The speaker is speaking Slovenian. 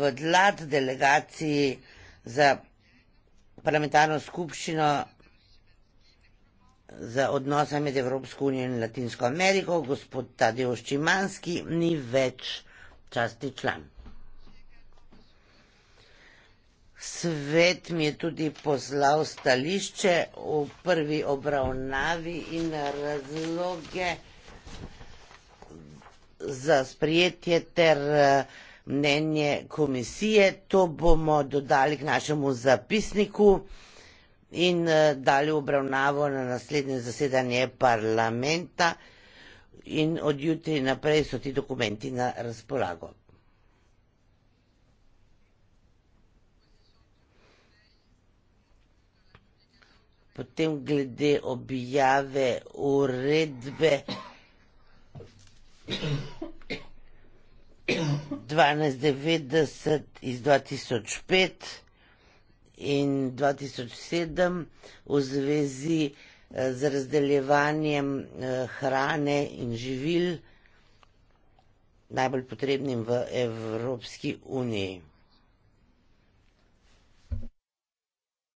vodlad delegaciji za parlamentarno skupščino za odnose med Evropsko unijo in Latinsko Ameriko, gospod Tadeoš Čimanski, ni več časti član. Svet mi je tudi poslal stališče v prvi obravnavi in razloge za sprijetje ter uh, mnenje komisije, to bomo dodali k našemu zapisniku in eh, dali obravnavo na naslednje zasedanje parlamenta in od jutri naprej so ti dokumenti na razpolago. Potem glede objave uredbe. 1290 iz 2005 in 2007 v zvezi eh, z razdeljevanjem eh, hrane in živil najbolj potrebnim v Evropski uniji.